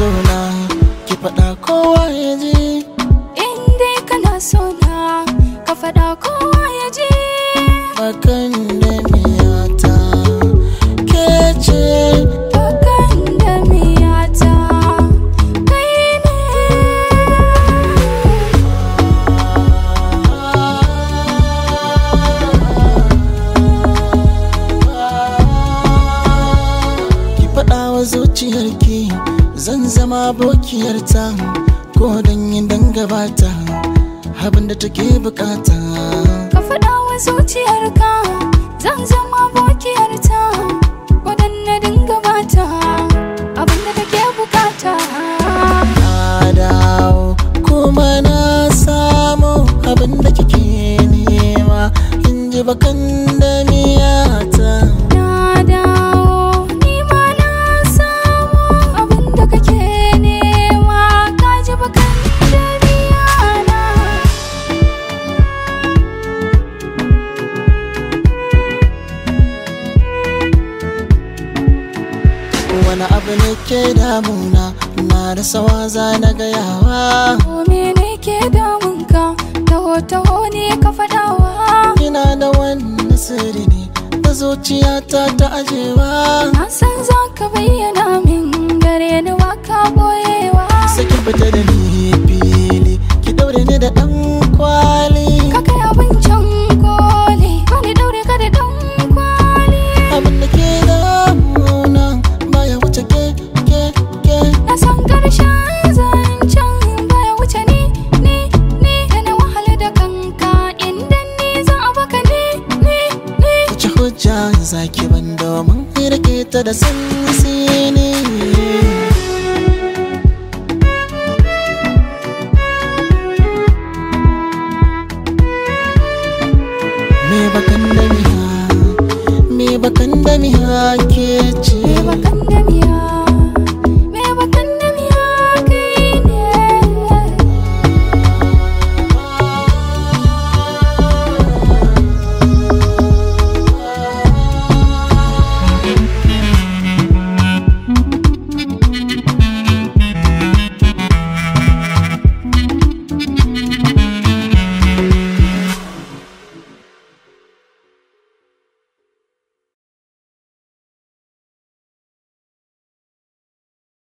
sona ki fada kowa ya ji in dai kana sona ka fada kowa ya ji bakan da miyata ke ce bakan da miyata kai ne ki fada wa zuciyarki zan zama abokiyarta ko don yin dangabata abin da take bukata ka faɗa wa zuciyarka zan zama abokiyarta ko don na dangabata abin da take bukata na dawo kuma na samu abin da kike nema in ji bakan abu ne ke damuna na da sawa za na gayawa Kome ne ke damunka taho taho ne ka faɗawa Ina da wani sirri ne da zuciyata ta ajewa Na san za ka bayyana min gare ni waka boyewa Saki fita da ni fili ki daure ni da ɗan kwa hujja zaki ban domin rike ta da sansi sini me bakan da miha me bakan da miha ke ce